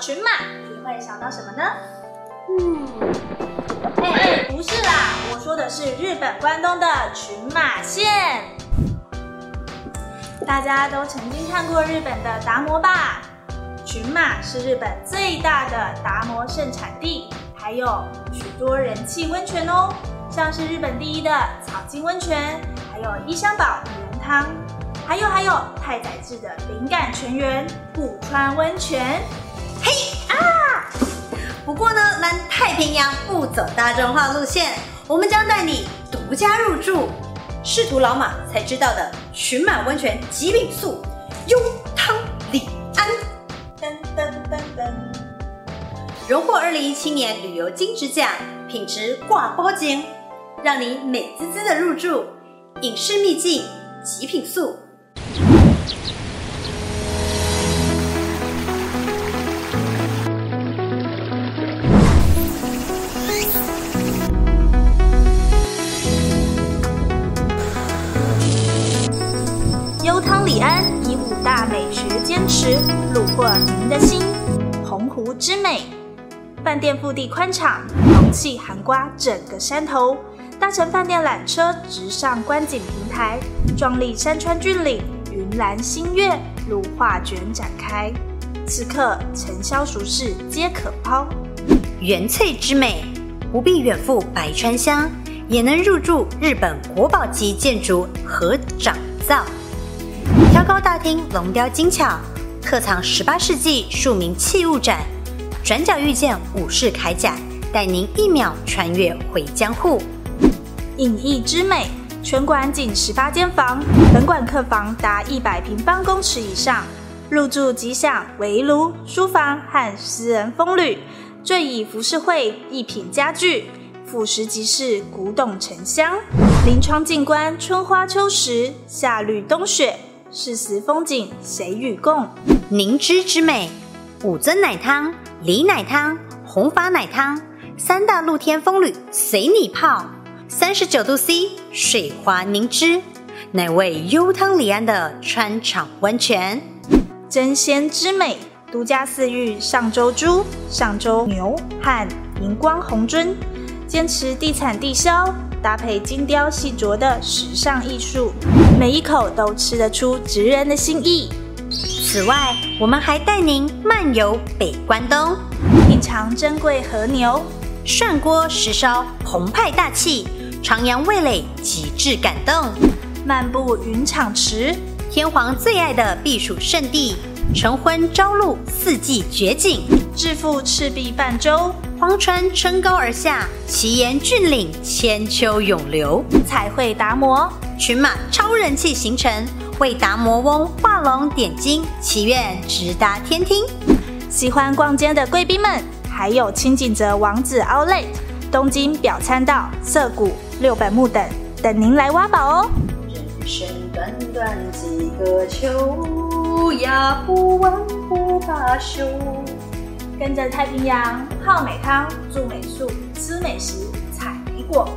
群馬，你會想到什麼呢？嗯，哎、欸，不是啦，我說的是日本關東的群馬縣。大家都曾經看過日本的達摩吧？群馬是日本最大的達摩盛產地，還有許多人氣溫泉哦，像是日本第一的草津溫泉，還有伊香保五湯，還有還有太宰治的靈感泉源谷川溫泉。太平洋不走大眾化路線，我們將帶你獨家入住，識途老馬才知道的群馬溫泉極品宿悠湯里庵，噔噔噔噔，榮獲2017年旅遊金質獎，品質掛保證，讓你美滋滋的入住影視秘境極品宿。時，路過您的心。鴻鵠之美，飯店腹地寬敞，空氣涵括整個山頭。搭乘飯店纜車直上觀景平台，壯麗山川峻嶺，雲嵐星月如畫卷展開。此刻塵囂俗世皆可拋。原粹之美，不必遠赴白川鄉，也能入住日本國寶級建築合掌造。挑高大廳龍雕精巧。客藏十八世紀庶民器物展，轉角遇見武士鎧甲，帶您一秒穿越回江戶。隱逸之美，全館僅十八間房，本館客房達一百平方公尺以上，入住即享圍爐書房和私人風呂，最以浮世繪一品家具、俯拾即是古董沉香，臨窗靜觀春花秋實、夏綠冬雪。四時風景誰與共？凝脂之美，武尊乃湯、里乃湯、弘法乃湯三大露天風呂隨你泡。三十九度 C，水滑凝脂，乃味悠湯里庵的川場溫泉。珍鮮之美，獨家飼育上州豬、上州牛和銀光紅鱒，堅持地產地銷。搭配精雕細琢的時尚藝術，每一口都吃得出職人的心意。此外，我們還帶您漫遊北關東，品嚐珍貴和牛，涮鍋石燒澎湃大氣，徜徉味蕾極致感動；漫步雲場池，天皇最愛的避暑勝地。晨昏朝露，四季絕景；致富赤壁泛舟，荒川撐篙而下，奇岩峻嶺，千秋永流。彩繪達摩，群馬超人氣行程，為達摩翁畫龍點睛，祈願直達天聽。喜歡逛街的貴賓們，還有輕井澤王子 Outlet、東京表參道、澀谷、六本木等，等您來挖寶哦。啊、不問不罷休，跟着太平洋泡美湯、住美宿、吃美食、採莓果，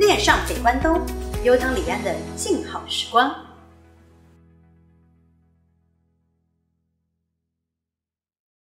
戀上北關東，悠湯里庵的靜好時光。